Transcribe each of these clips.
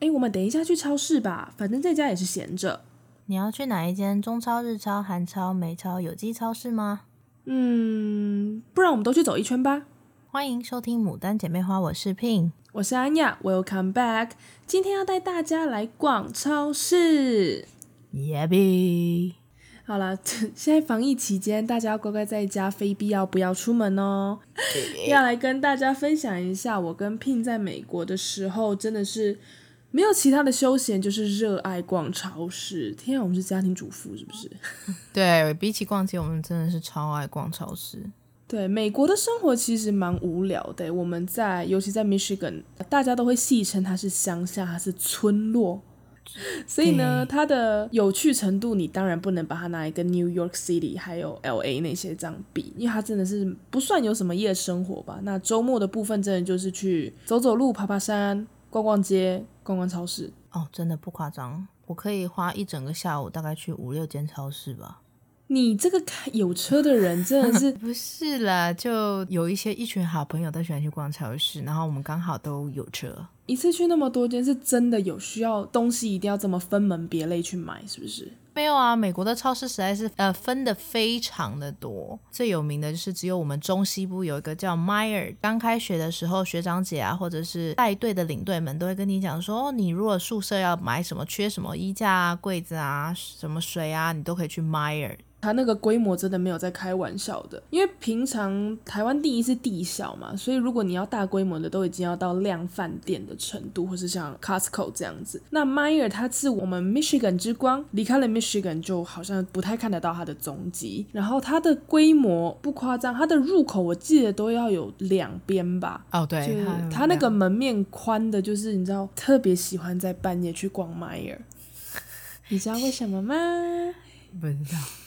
哎，我們等一下去超市吧，反正在家也是閒着。你要去哪一間中超、日超、韓超、美超、有機超市嗎？嗯，不然我們都去走一圈吧。歡迎收聽《牡丹姐妹花》，我是 Pin，我是安雅，Welcome back。今天要帶大家來逛超市，Yeah baby be.。好啦，現在防疫期間，大家要乖乖在家，非必要不要出門哦。Yeah. 要來跟大家分享一下，我跟 Pin 在美國的時候，真的是。沒有其他的休閒，就是熱愛逛超市。天啊，我們是家庭主婦是不是？對，比起逛街，我們真的是超愛逛超市。對，美國的生活其實蠻無聊的。我們在，尤其在 Michigan，大家都會戲稱它是鄉下，它是村落。對所以呢，它的有趣程度，你當然不能把它拿一個 New York City 還有 LA 那些這樣比，因為它真的是不算有什麼夜生活吧。那週末的部分，真的就是去走走路、爬爬山，逛逛街，逛逛超市哦，真的不誇張，我可以花一整個下午，大概去五六間超市吧。你這個開有車的人，真的是，不是啦？就有一些一群好朋友都喜歡去逛超市，然後我們剛好都有車，一次去那麼多間，是真的有需要東西，一定要這麼分門別類去買，是不是？沒有啊，美國的超市實在是呃，分得非常的多，最有名的就是只有我們中西部有一個叫 Meyer。剛開學的時候，學長姐啊，或者是帶隊的領隊們都會跟你講說，哦，你如果宿舍要買什麼，缺什麼衣架啊、櫃子啊、什麼水啊，你都可以去 Meyer。它那個規模真的沒有在開玩笑的，因為平常台灣第一是地小嘛，所以如果你要大規模的，都已經要到量販店的程度，或是像 Costco 這樣子。那 Meijer 它是我們 Michigan 之光，離開了 Michigan 就好像不太看得到它的蹤跡。然後它的規模不誇張，它的入口我記得都要有兩邊吧？哦，oh, 對，它那個門面寬的，就是你知道，特別喜歡在半夜去逛 Meijer。你知道為什麼嗎？不知道。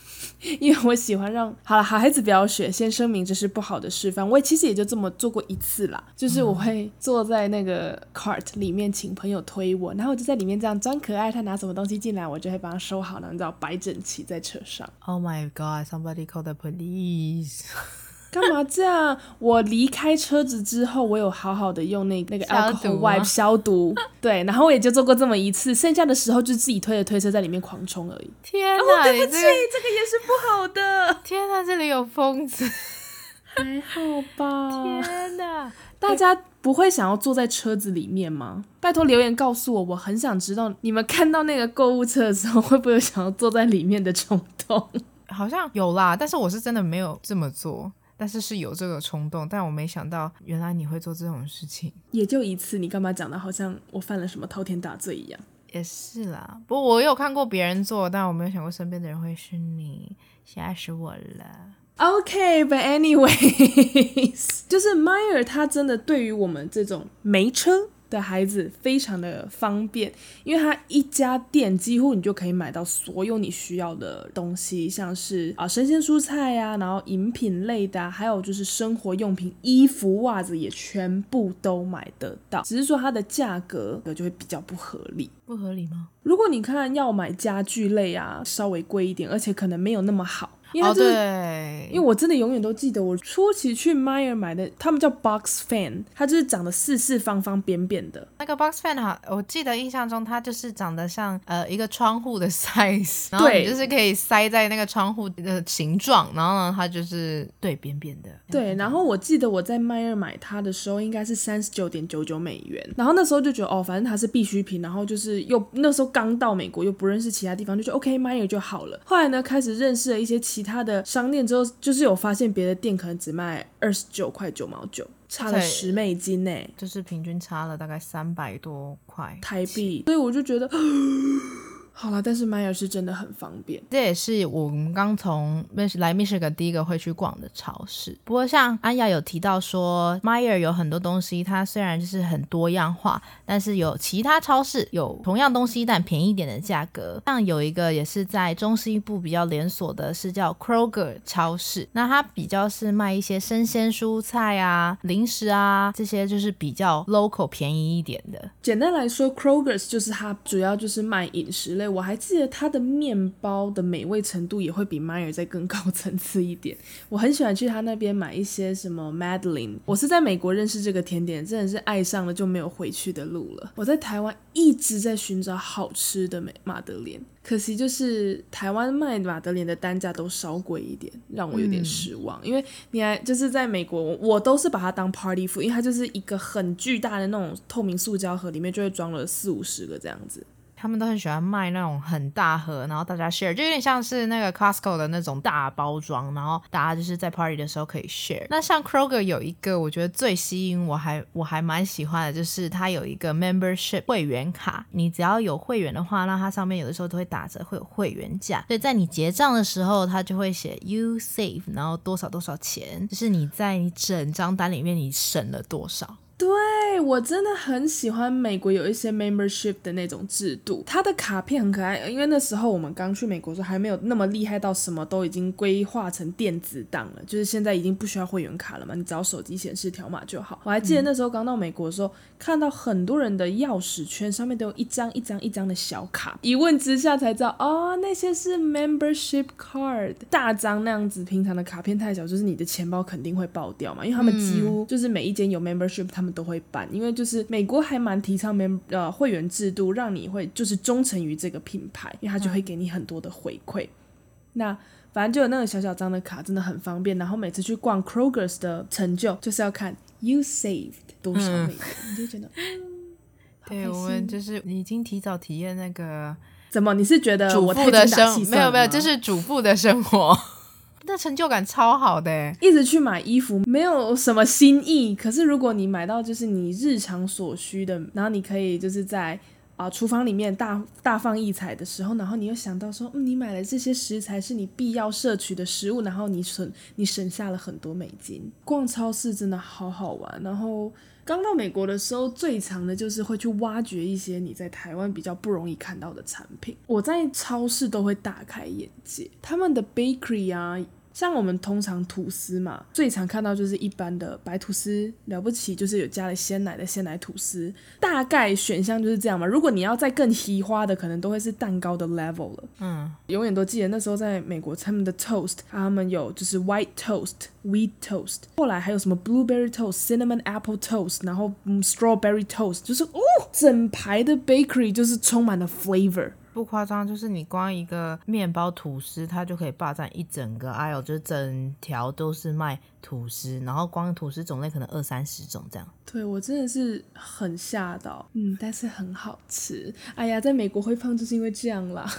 因為我喜歡讓好了，好孩子不要學。先聲明，這是不好的示範。我其實也就這麼做過一次啦，就是我會坐在那個 cart 裡面，請朋友推我，然後我就在裡面這樣裝可愛。他拿什麼東西進來，我就會把它收好，然後你知道擺整齊在車上。Oh my god! Somebody call the police! 幹嘛這樣？我離開車子之後，我有好好的用那那個 alcohol wipe 消毒，對，然後我也就做過這麼一次，剩下的時候就自己推着推車在裡面狂衝而已。天啊、哦，對不起，這個、這個也是不好的。天哪、啊，這裡有瘋子，還 好吧？天哪、啊，大家不會想要坐在車子裡面嗎？拜托留言告訴我，我很想知道你們看到那個購物車的時候，會不會有想要坐在裡面的衝動？好像有啦，但是我是真的沒有這麼做。但是是有這個衝動，但我沒想到原來你會做這種事情。也就一次，你幹嘛講得好像我犯了什麼滔天大罪一樣？也是啦，不過我有看過別人做，但我沒有想過身邊的人會是你，嚇死我了。OK，but Okay , anyways， 就是 Meyer，他真的對於我們這種沒車，的孩子非常的方便，因為它一家店幾乎你就可以買到所有你需要的東西，像是啊生鮮蔬菜呀、啊，然後飲品類的啊，還有就是生活用品、衣服、襪子也全部都買得到，只是說它的價格就會比較不合理，不合理嗎？如果你看要買家具類啊，稍微貴一點，而且可能沒有那麼好。因為，因為我真的永遠都記得我初期去 Myer 買的，他們叫 box fan，它就是長得四四方方、扁扁的。那個 box fan 哈、啊，我記得印象中它就是長得像呃一個窗戶的 size，對，就是可以塞在那個窗戶的形狀，然後呢它就是對扁扁的。對，然後我記得我在 Myer 買它的時候應該是三十九點九九美元，然後那時候就覺得哦，反正它是必需品，然後就是又那時候剛到美國又不認識其他地方，就覺得 OK，Myer 就好了。後來呢開始認識了一些其其他的商店之後，就是有發現別的店可能只賣二十九塊九毛九，差了十美金呢，就是平均差了大概三百多塊台幣，所以我就覺得。好了，但是 Meyer 是真的很方便，這也是我們剛從密來 Michigan 第一個會去逛的超市。不過像安雅有提到說，m i y e r 有很多東西，它雖然就是很多樣化，但是有其他超市有同樣東西但便宜一點的價格。像有一個也是在中西部比較連鎖的，是叫 Kroger 超市。那它比較是賣一些生鮮蔬菜啊、零食啊這些，就是比較 local 便宜一點的。簡單來說，Kroger 就是它主要就是賣飲食類的。對，我還記得他的麵包的美味程度也會比 Meyer 再更高層次一點。我很喜歡去他那邊買一些什麼 Madeline。我是在美國認識這個甜點，真的是愛上了就沒有回去的路了。我在台灣一直在尋找好吃的美馬德蓮，可惜就是台灣賣馬德蓮的單價都稍貴一點，讓我有點失望。嗯、因為你還就是在美國，我都是把它當 party food，因為它就是一個很巨大的那種透明塑膠盒，裡面就會裝了四五十個這樣子。他們都很喜歡賣那種很大盒，然後大家 share，就有點像是那個 Costco 的那種大包裝，然後大家就是在 party 的時候可以 share。那像 Kroger 有一個我覺得最吸引我還我還蠻喜歡的，就是它有一個 membership 會員卡，你只要有會員的話，那它上面有的時候都會打折，會有會員價。所以在你結賬的時候，它就會寫 You save，然後多少多少錢，就是你在你整張單裡面你省了多少。對，我真的很喜歡美國有一些 membership 的那種制度，它的卡片很可愛。因為那時候我們剛去美國的時候，還沒有那麼厲害到什麼都已經規劃成電子檔了，就是現在已經不需要會員卡了嘛，你只要手機顯示條碼就好。我還記得那時候剛到美國的時候，看到很多人的鑰匙圈上面都有一張一張一張的小卡，一問之下才知道，哦，那些是 membership card 大張那樣子，平常的卡片太小，就是你的錢包肯定會爆掉嘛，因為他們幾乎就是每一間有 membership，他們。都會辦，因為就是美國還蠻提倡免、呃會員制度，讓你會就是忠誠於這個品牌，因為他就會給你很多的回饋。嗯、那反正就有那種小小張的卡，真的很方便。然後每次去逛 Kroger 的成就，就是要看 you saved 多少美元，嗯、你就覺得， 對，我們就是已經提早體驗那個，怎麼？你是覺得我主婦的生？沒有沒有，就是主婦的生活。 那成就感超好的，一直去買衣服沒有什麼新意。可是如果你買到就是你日常所需的，然後你可以就是在啊、呃、廚房裡面大大放異彩的時候，然後你又想到說，嗯，你買了這些食材是你必要攝取的食物，然後你省你省下了很多美金。逛超市真的好好玩，然後。剛到美國的時候，最常的就是會去挖掘一些你在台灣比較不容易看到的產品。我在超市都會大開眼界，他們的 bakery 啊。像我們通常吐司嘛，最常看到就是一般的白吐司。了不起就是有加了鮮奶的鮮奶吐司。大概選項就是這樣嘛。如果你要再更稀花的，可能都會是蛋糕的 level 了。嗯，永遠都記得那時候在美國，他們的 toast，他們有就是 white toast、wheat toast，後來還有什麼 blueberry toast、cinnamon apple toast，然後、嗯、strawberry toast，就是哦，整排的 bakery 就是充滿了 flavor。不誇張，就是你光一個麵包吐司，它就可以霸占一整個。哎呦，就是整條都是賣吐司，然後光吐司種類可能二三十種這樣。對我真的是很嚇到，嗯，但是很好吃。哎呀，在美國會胖就是因為這樣啦。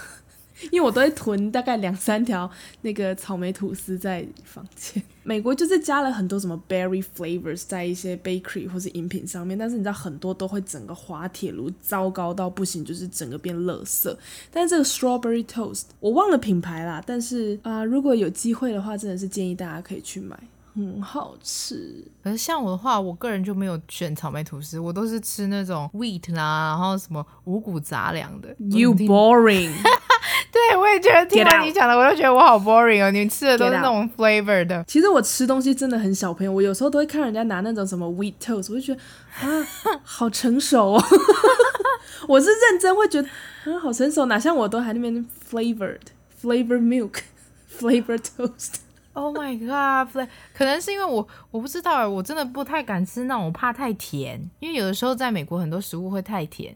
因為我都會囤大概兩三條那個草莓吐司在房間。美國就是加了很多什麼 berry flavors 在一些 bakery 或是飲品上面，但是你知道很多都會整個滑鐵盧，糟糕到不行，就是整個變垃圾。但是這個 strawberry toast 我忘了品牌啦，但是啊、呃，如果有機會的話，真的是建議大家可以去買，很好吃。而像我的話，我個人就沒有選草莓吐司，我都是吃那種 wheat 啦，然後什麼五谷雜糧的。You boring。 對，我也覺得，聽到你講的，Get out. 我就覺得我好 boring 哦。你們吃的都是那種 flavored 的。其實我吃東西真的很小朋友，我有時候都會看人家拿那種什麼 wheat toast，我就覺得啊， 好成熟哦。 我是認真會覺得啊，好成熟，哪像我都還那邊 flavored，flavor milk，flavor toast。Oh my god，可能是因為我，我不知道，我真的不太敢吃那種，我怕太甜。因為有的時候在美國很多食物會太甜。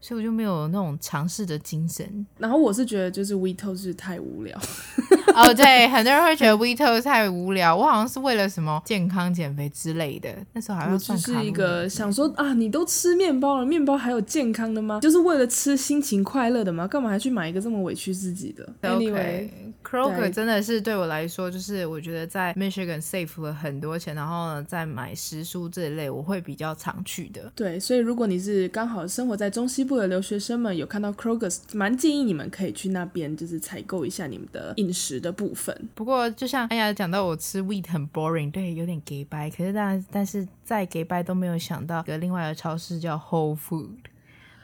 所以我就沒有那種嘗試的精神。嗯，然後我是覺得，就是 WeTalk 是太無聊。 哦，oh, 對， 很多人會覺得 Vito 太無聊。我好像是為了什麼健康、減肥之類的，那時候好像要算。我就是一個想說啊，你都吃麵包了，麵包還有健康的嗎？就是為了吃心情快樂的嗎？幹嘛還去買一個這麼委屈自己的 Okay.？Anyway，Kroger 真的是對我來說，就是我覺得在 Michigan save 了很多錢，然後再買食蔬這一類，我會比較常去的。對，所以如果你是剛好生活在中西部的留學生們，有看到 Kroger，蠻建議你們可以去那邊，就是採購一下你們的飲食。的部分，不過就像哎呀講到我吃 wheat 很 boring，對，有點 g i b 可是但但是再 g i b 都沒有想到有另外一個超市叫 Whole Food。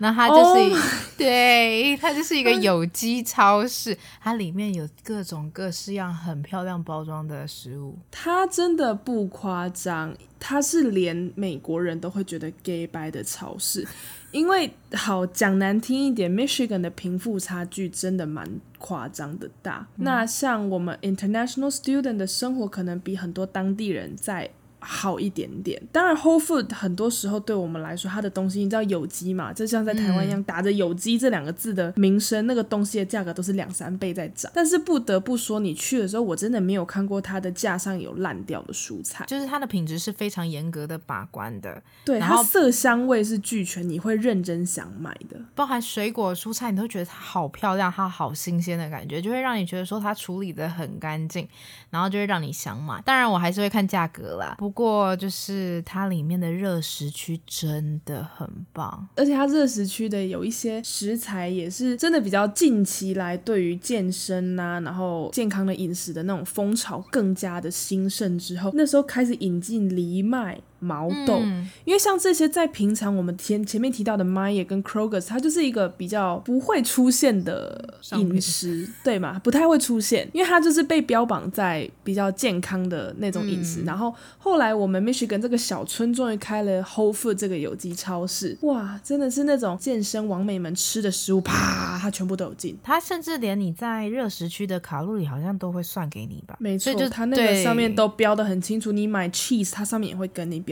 那它就是一，oh, 對，它就是一個有機超市，嗯、它裡面有各種各式樣很漂亮包裝的食物。它真的不誇張，它是連美國人都會覺得 gay by 的超市， 因為好講難聽一點，Michigan 的貧富差距真的蠻誇張的大。嗯、那像我們 international student 的生活，可能比很多當地人在好一點點，當然 Whole Food 很多時候對我們來說，它的東西你知道有機嘛，就像在台灣一樣，打着有機這兩個字的名聲，嗯、那個東西的價格都是兩三倍在漲。但是不得不說，你去的時候，我真的沒有看過它的架上有爛掉的蔬菜，就是它的品質是非常嚴格的把關的，對然後色香味是俱全，你會認真想買的，包含水果蔬菜，你都覺得它好漂亮，它好新鮮的感覺，就會讓你覺得說它處理得很乾淨，然後就會讓你想買。當然我還是會看價格啦，不過，就是它裡面的熱食區真的很棒，而且它熱食區的有一些食材也是真的比較近期來，對於健身吶、啊，然後健康的飲食的那種風潮更加的興盛之後，那時候開始引進藜麥。毛豆，嗯、因為像這些在平常我們前前面提到的 Meijer 跟 Krogers，它就是一個比較不會出現的飲食，面對嗎？不太會出現，因為它就是被標榜在比較健康的那種飲食。嗯、然後後來我們 Michigan 這個小村終於開了 Whole Food 這個有機超市，哇，真的是那種健身網美們吃的食物，啪，它全部都有進。它甚至連你在熱食區的卡路里好像都會算給你吧？沒錯錯，它那個上面都標的很清楚，你買 cheese，它上面也會跟你標。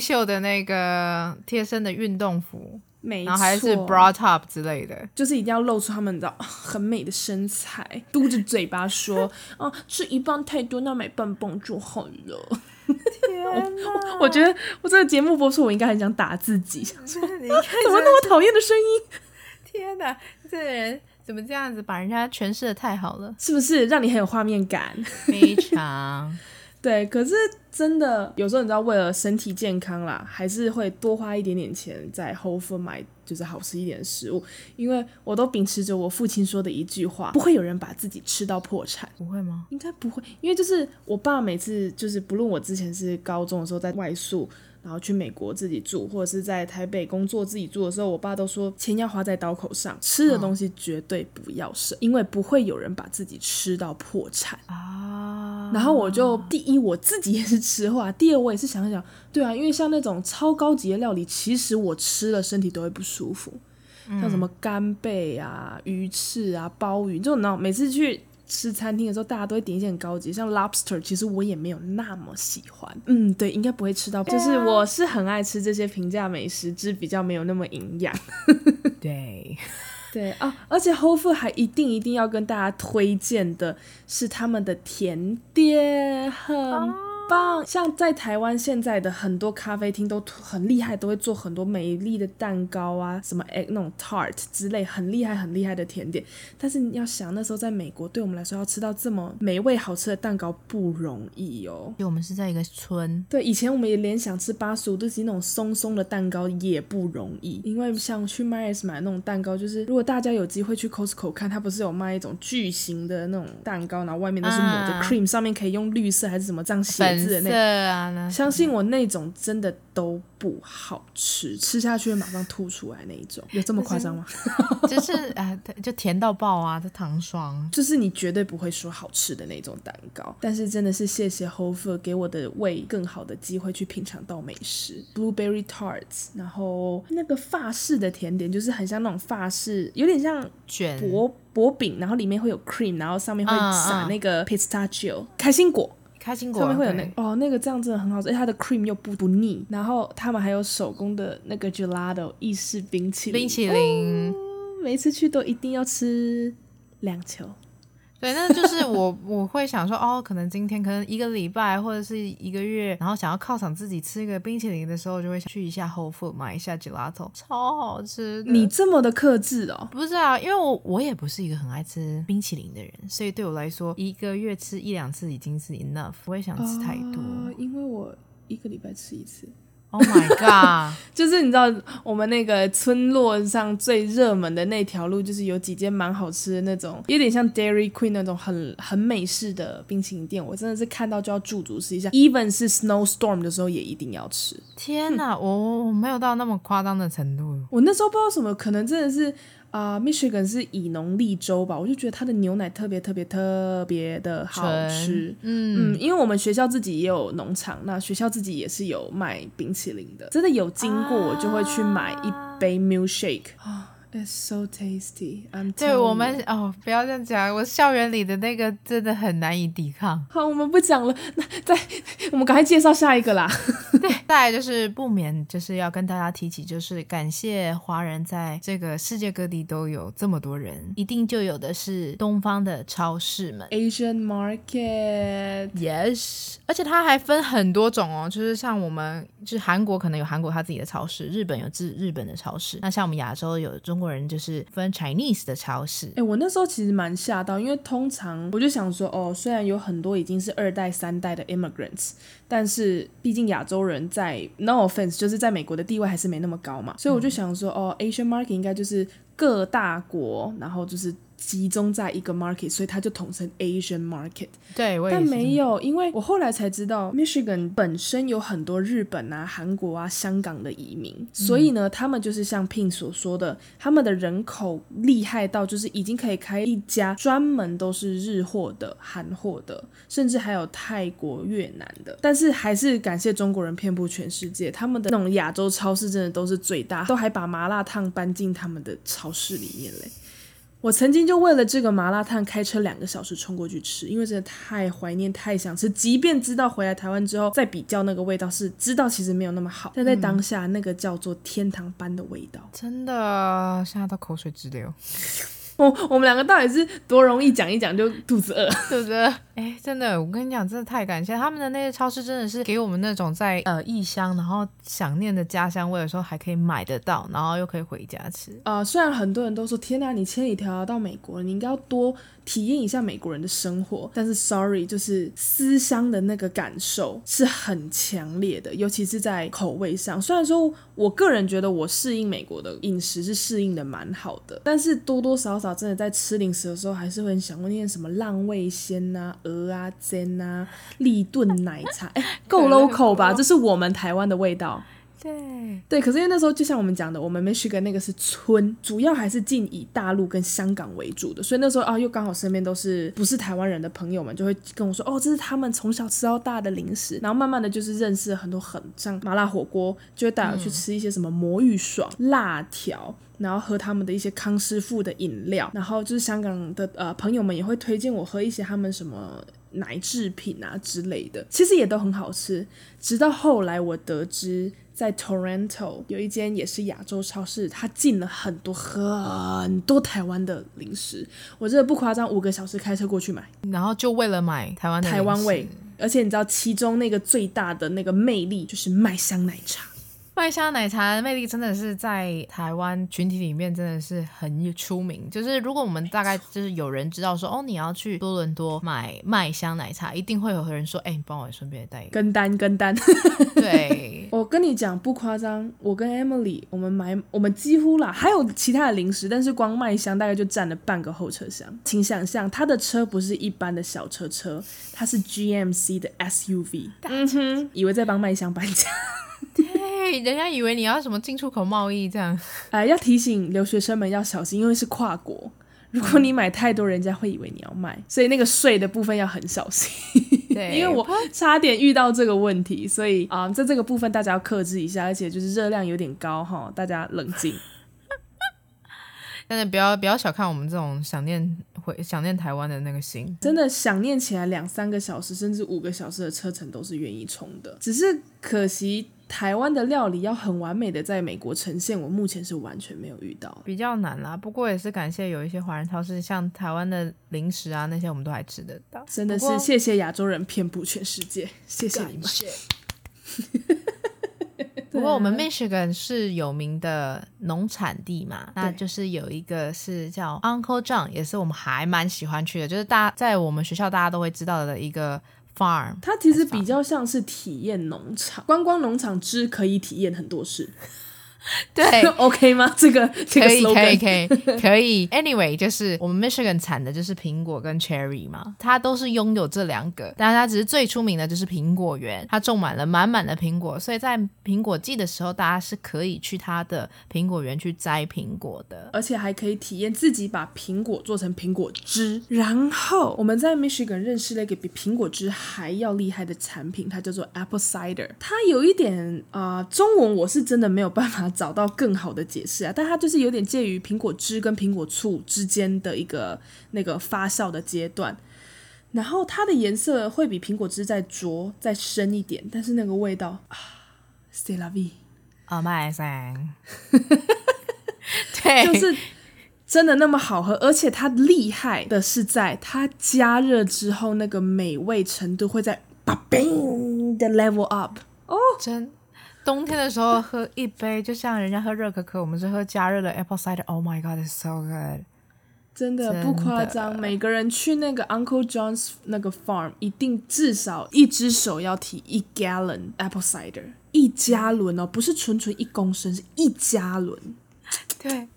秀的那個貼身的運動服，錯然後還是 bra top 之類的，就是一定要露出他們的，的、啊、很美的身材，嘟着嘴巴說：“ 啊，吃一磅太多，那買半磅就好了。天哪”天啊！我覺得我這個節目播出，我應該很想打自己想說、啊。怎麼那麼討厭的聲音？天哪！這人怎麼這樣子把人家詮釋的太好了？是不是讓你很有畫面感？非常。對，可是真的有時候你知道，為了身體健康啦，還是會多花一點點錢在後 h o f 買，就是好吃一點的食物。因為我都秉持着我父親說的一句話：不會有人把自己吃到破產，不會嗎？應該不會，因為就是我爸每次就是不論我之前是高中的時候在外宿，然後去美國自己住，或者是在台北工作自己住的時候，我爸都說錢要花在刀口上，吃的東西絕對不要省，哦、因為不會有人把自己吃到破產然後我就第一我自己也是吃貨，第二我也是想一想，對啊，因為像那種超高級的料理，其實我吃了身體都會不舒服，嗯、像什麼干貝啊、魚翅啊、鮑魚這種，呢每次去吃餐廳的時候，大家都會點一些很高級，像 lobster，其實我也沒有那麼喜歡。嗯，對，應該不會吃到，哎、呀就是我是很愛吃這些平價美食，是比較沒有那麼營養。 對。對啊、哦，而且 Whole Foods 還一定一定要跟大家推薦的是他們的甜點，哼棒，像在台灣現在的很多咖啡廳都很厲害，都會做很多美麗的蛋糕啊，什麼 Egg, 那種 tart 之類，很厲害很厲害的甜點。但是你要想，那時候在美國，對我們來說要吃到這麼美味好吃的蛋糕不容易哦。因為我們是在一個村。對，以前我們也連想吃85度 C 都是那種鬆松的蛋糕也不容易，因為像去 Myers 買那種蛋糕，就是如果大家有機會去 Costco 看，它不是有賣一種巨型的那種蛋糕，然後外面都是抹着 cream，、uh. 上面可以用綠色還是什麼這樣寫。是，啊、那個，相信我，那種真的都不好吃，吃下去會馬上吐出來那一種，有這麼誇張嗎？就是？就是啊、呃，就甜到爆啊，這糖霜，就是你絕對不會說好吃的那種蛋糕。但是真的是謝謝 Hofer，給我的胃更好的機會去品嘗到美食，Blueberry Tarts，然後那個法式的甜點就是很像那種法式，有點像卷薄薄餅，然後裡面會有 cream，然後上面會撒那個 pistachio、uh, uh. 開心果。開心果上面會有那個、Okay. 哦，那個醬真的很好吃，而且它的 cream 又不不膩，然後他們還有手工的那個 gelato 意式冰淇淋，冰淇淋，嗯、每次去都一定要吃兩球。 對，那就是我，我會想說哦，可能今天，可能一個禮拜或者是一個月，然後想要犒賞自己吃一個冰淇淋的時候，就會去一下 Whole Foods 買一下 gelato，超好吃。你這麼的克制哦？不是啊，因為我我也不是一個很愛吃冰淇淋的人，所以對我來說，一個月吃一兩次已經是 enough，不會想吃太多，哦。因為我一個禮拜吃一次。Oh my god！ 就是你知道，我們那個村落上最熱門的那條路，就是有幾間蠻好吃的那種，有點像 Dairy Queen 那種很很美式的冰淇淋店，我真的是看到就要駐足試一下，even 是 Snowstorm 的時候也一定要吃。天哪、啊，我我哼我沒有到那麼誇張的程度。我那時候不知道什麼，可能真的是。啊、uh，Michigan 是以農立州吧，我就覺得它的牛奶特別特別特別的好吃。好嗯、嗯，因為我們學校自己也有農場，那學校自己也是有賣冰淇淋的，真的有經過我就會去買一杯 milkshake。啊 It's so tasty. 對，我們哦，不要這樣講。我校園裡的那個真的很難以抵抗。好，我們不講了。那再，我們趕快介紹下一個啦。 對，再來就是不免就是要跟大家提起，就是感謝華人在這個世界各地都有這麼多人，一定就有的是東方的超市們，Asian market. Yes. 而且它還分很多種哦，就是像我們，就是韓國可能有韓國它自己的超市，日本有自日本的超市。那像我們亞洲有中國。中國人就是分 Chinese 的超市。誒、欸，我那時候其實蠻嚇到，因為通常我就想說，哦，雖然有很多已經是二代、三代的 immigrants，但是畢竟亞洲人在 no offense 就是在美國的地位還是沒那麼高嘛，所以我就想說，嗯、哦，Asian market 應該就是各大國，然後就是。集中在一個 market，所以它就統稱 Asian market。對，我也但沒有，因為我後來才知道，Michigan 本身有很多日本啊、韓國啊、香港的移民，嗯、哼所以呢，他們就是像 Pin 所說的，他們的人口厲害到就是已經可以開一家專門都是日貨的、韓貨的，甚至還有泰國、越南的。但是還是感謝中國人遍布全世界，他們的那種亞洲超市真的都是最大，都還把麻辣燙搬進他們的超市裡面嘞。我曾經就為了這個麻辣燙開車兩個小時衝過去吃，因為真的太懷念、太想吃。即便知道回來台灣之後再比較那個味道，是知道其實沒有那麼好，但在當下那個叫做天堂般的味道，嗯、真的現在都口水直流。我、哦、我們兩個到底是多容易講一講就肚子餓 對對，肚子餓。哎，真的，我跟你講，真的太感謝他們的那些超市，真的是給我們那種在呃異鄉然後想念的家鄉味的時候，還可以買得到，然後又可以回家吃。啊、呃，雖然很多人都說，天哪，你千里迢迢到美國，你應該要多體驗一下美國人的生活。但是，sorry，就是思鄉的那個感受是很強烈的，尤其是在口味上。雖然說我個人覺得我適應美國的飲食是適應的蠻好的，但是多多少少。真的在吃零食的時候，還是會很想念那什麼浪味仙吶、啊、蚵仔煎吶、立頓奶茶，夠、 欸、local 吧？ 這是我們台灣的味道。對對，可是因為那時候就像我們講的，我們 Michigan 那個是村，主要還是近以大陸跟香港為主的，所以那時候啊，又剛好身邊都是不是台灣人的朋友們，就會跟我說哦，這是他們從小吃到大的零食，然後慢慢的就是認識了很多很像麻辣火鍋，就會帶我去吃一些什麼魔芋爽、辣條，然後喝他們的一些康師傅的飲料，然後就是香港的呃朋友們也會推薦我喝一些他們什麼。奶製品啊之類的，其實也都很好吃。直到後來，我得知在 Toronto 有一間也是亞洲超市，它進了很多很多台灣的零食。我真的不誇張，五個小時開車過去買，然後就為了買台灣台灣味。而且你知道，其中那個最大的那個魅力就是麥香奶茶。麥香奶茶的魅力真的是在台灣群體裡面真的是很出名，就是如果我們大概就是有人知道說哦你要去多倫多買麥香奶茶，一定會有人說哎、欸、你幫我順便帶一個跟單跟單。跟單 對我，我跟你講不誇張，我跟 Emily 我們買我們幾乎啦，還有其他的零食，但是光麥香大概就占了半個後車廂，請想象他的車不是一般的小車車，他是 GMC 的 SUV，嗯哼，以為在幫麥香搬家。嘿嘿，人家以為你要什麼進出口貿易這樣，哎、呃，要提醒留學生們要小心，因為是跨國。如果你買太多，人家會以為你要賣，所以那個稅的部分要很小心。對，因為我差點遇到這個問題，所以啊、呃，在這個部分大家要克制一下，而且就是熱量有點高哈，大家冷靜。但是不要不要小看我們這種想念會想念台灣的那個心，真的想念起來兩三個小時甚至五個小時的車程都是願意衝的，只是可惜，台灣的料理要很完美的在美國呈現，我目前是完全沒有遇到，比較難啦。不過也是感謝有一些華人超市，像台灣的零食啊那些，我們都還吃得到。真的是謝謝亞洲人遍布全世界，過謝謝你們。謝 啊、不過我們 Michigan 是有名的農產地嘛，對那就是有一個是叫 Uncle John，也是我們還蠻喜歡去的，就是大家在我們學校大家都會知道的一個。它其實比較像是體驗農場、觀光農場，之可以體驗很多事。對 ，OK 嗎？這個可以，可以，可以， 可以。Anyway，就是我們 Michigan 產的就是蘋果跟 Cherry 嘛，它都是擁有這兩個，但它只是最出名的就是蘋果園，它種滿了滿滿的蘋果，所以在蘋果季的時候，大家是可以去它的蘋果園去摘蘋果的，而且還可以體驗自己把蘋果做成蘋果汁。然後我們在 Michigan 認識了一個比蘋果汁還要厲害的產品，它叫做 Apple Cider。它有一點啊、呃，中文我是真的沒有辦法。找到更好的解釋啊！但它就是有點介於蘋果汁跟蘋果醋之間的一個那個發酵的階段，然後它的顏色會比蘋果汁再濁再深一點，但是那個味道啊，still love me 啊，my thing 對，就是真的那麼好喝，而且它厲害的是在它加熱之後，那個美味程度會在把冰的 level up 哦，oh, 真。冬天的時候喝一杯，就像人家喝熱可可，我們是喝加熱的 apple cider。Oh my god，it's so good，真的，真的不誇張。每個人去那個 Uncle John's 那個 farm，一定至少一只手要提一 gallon apple cider，一加侖哦，不是純純一公升，是一加侖，對。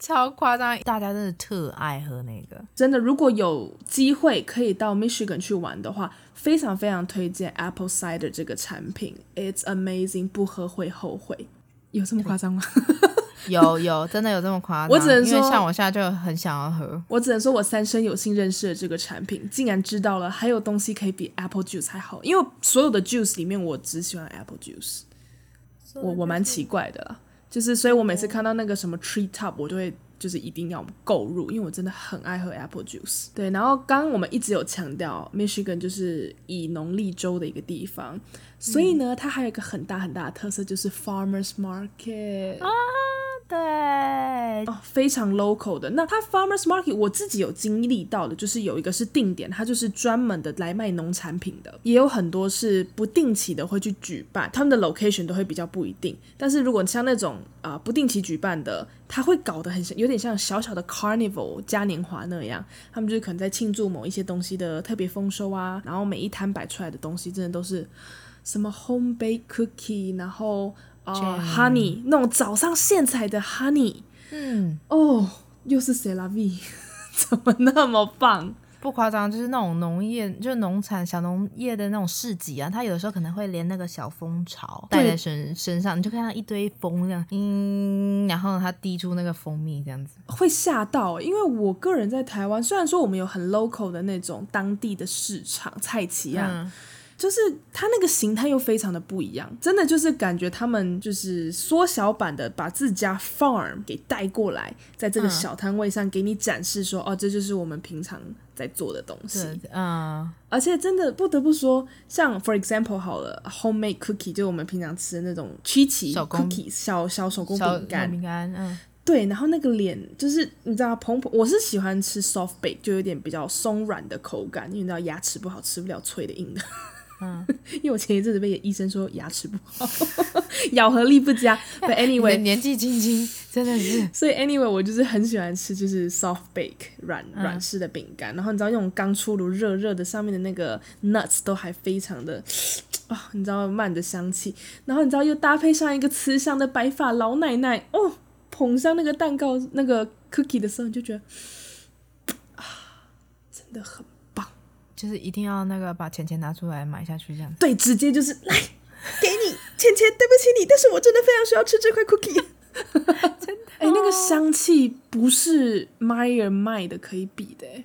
超誇張！大家真的特愛喝那個，真的。如果有機會可以到 Michigan 去玩的話，非常非常推薦 Apple cider 這個產品，It's amazing，不喝會後悔。有這麼誇張嗎？ 有有，真的有這麼誇張。我只能說，因為像我現在就很想要喝。我只能說，我三生有幸認識了這個產品，竟然知道了還有東西可以比 Apple juice 還好。因為所有的 juice 裡面，我只喜歡 Apple juice，就是、我我蠻奇怪的啦就是，所以我每次看到那個什麼 Tree Top，我就會就是一定要購入，因為我真的很愛喝 apple juice。對，然後剛剛我們一直有強調，Michigan 就是以農立州的一個地方，所以呢，嗯、它還有一個很大很大的特色就是 farmers market。啊對，哦，非常 local 的。那它 farmers market，我自己有經歷到的，就是有一個是定點，它就是專門的來賣農產品的，也有很多是不定期的會去舉辦，他們的 location 都會比較不一定。但是如果像那種啊、呃、不定期舉辦的，他會搞得很像，有點像小小的 carnival 嘉年華那樣，他們就是可能在慶祝某一些東西的特別豐收啊。然後每一攤擺出來的東西，真的都是什麼 home baked cookie，然後。哦、oh, Jam.，honey，那種早上現採的 honey，嗯，哦，oh, 又是 C'est la vie，怎麼那麼棒？不誇張，就是那種農業，就是農產小農業的那種市集啊。它有的時候可能會連那個小蜂巢帶在身對身上，你就看到一堆蜂這樣，嗯，然後它滴出那個蜂蜜這樣子，會嚇到。因為我個人在台灣，雖然說我們有很 local 的那種當地的市場菜市啊，嗯就是它那個形態又非常的不一樣，真的就是感覺他們就是縮小版的，把自家 farm 給帶過來，在這個小攤位上給你展示說，嗯、哦，這就是我們平常在做的東西，嗯。而且真的不得不說，像 for example 好了，homemade cookie 就是我們平常吃的那種曲奇 cookies，小工小，小手工餅乾，餅、呃、乾，嗯，對。然後那個臉就是你知道，蓬蓬，我是喜歡吃 soft bake，就有點比較鬆軟的口感，因為你知道牙齒不好，吃不了脆的硬的。嗯， 因為我前一陣子被醫生說牙齒不好， 咬合力不佳。但 But anyway 年紀輕輕，真的是，所以 anyway 我就是很喜歡吃就是 soft bake 軟軟、嗯、式的餅乾。然後你知道那種剛出爐熱熱的，上面的那個 nuts 都還非常的，啊、哦，你知道滿的香氣。然後你知道又搭配上一個慈祥的白髮老奶奶，哦，捧上那個蛋糕那個 cookie 的時候，你就覺得，啊，真的很。就是一定要那個把錢錢拿出來買下去，這樣對，直接就是來給你錢錢，對不起你，但是我真的非常需要吃這塊 cookie， 真的，哦，哎，欸，那個香氣不是 Meijer 賣的可以比的，哎，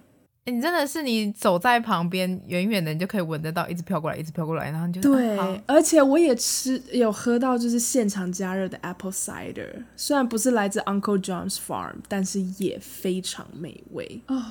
欸，你真的是你走在旁邊遠遠的，你就可以聞得到，一直飄過來，一直飄過來，然後你就對，好而且我也吃有喝到，就是現場加熱的 apple cider，雖然不是來自 Uncle John's Farm，但是也非常美味，哦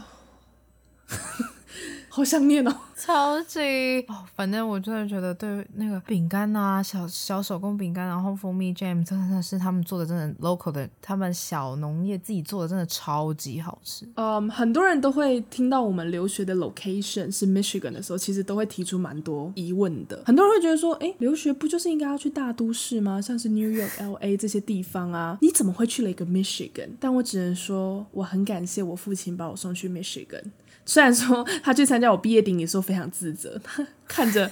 好想念哦，超級哦！反正我真的覺得，對那個餅乾吶，小小手工餅乾，然後蜂蜜 jam，真的是他們做的，真的 local 的，他們小農業自己做的，真的超級好吃。嗯，um, 很多人都會聽到我們留學的 location 是 Michigan 的時候，其實都會提出蠻多疑問的。很多人會覺得說，哎、欸，留學不就是應該要去大都市嗎？像是 New York、LA 這些地方啊，你怎麼會去了一個 Michigan？但我只能說，我很感謝我父親把我送去 Michigan。雖然說他去參加我畢業典禮的時候非常自責，他看着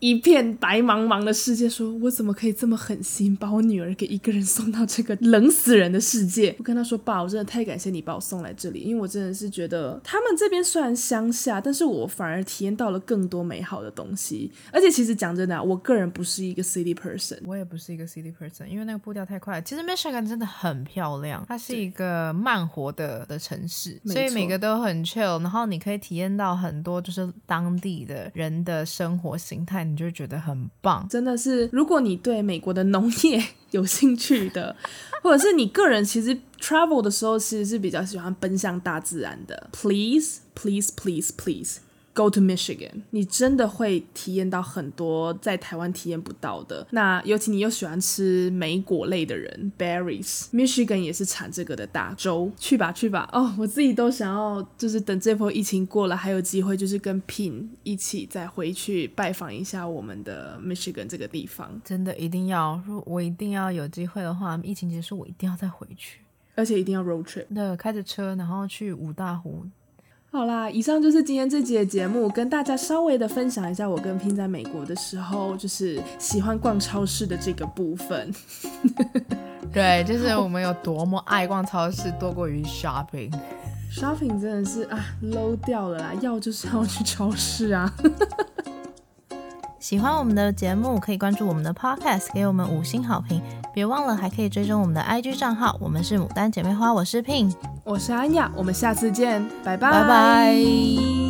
一片白茫茫的世界說，說我怎麼可以這麼狠心把我女兒給一個人送到這個冷死人的世界？我跟他說：“爸，我真的太感謝你把我送來這裡，因為我真的是覺得他們這邊雖然鄉下，但是我反而體驗到了更多美好的東西。而且其實講真的，我個人不是一個 city person，我也不是一個 city person，因為那個步調太快了。其實 Michigan 真的很漂亮，它是一個慢活的的城市，對所以每個都很 chill。”然後你可以體驗到很多就是當地的人的生活形態，你就覺得很棒，真的是。如果你對美國的農業有興趣的， 或者是你個人其實 travel 的時候其實是比較喜歡奔向大自然的，please please please please。Go to Michigan，你真的會體驗到很多在台灣體驗不到的。那尤其你又喜歡吃莓果類的人，berries，Michigan 也是產這個的大州。去吧去吧，哦，oh，我自己都想要，就是等這波疫情過了，還有機會，就是跟 Pin 一起再回去拜訪一下我們的 Michigan 這個地方。真的一定要，如果我一定要有機會的話，疫情結束我一定要再回去，而且一定要 road trip，那開着車然後去五大湖。好啦，以上就是今天這集的節目，跟大家稍微的分享一下我跟 Pin 在美國的時候，就是喜歡逛超市的這個部分。 對，就是我們有多麼愛逛超市，多過於 shopping。Oh. shopping 真的是啊，low 掉了啦，要就是要去超市啊。 喜歡我們的節目，可以關注我們的 Podcast，給我們五星好評。別忘了，還可以追蹤我們的 IG 賬號，我們是母單姐妹花。我是 Pin，我是安雅，我們下次見，拜拜。Bye bye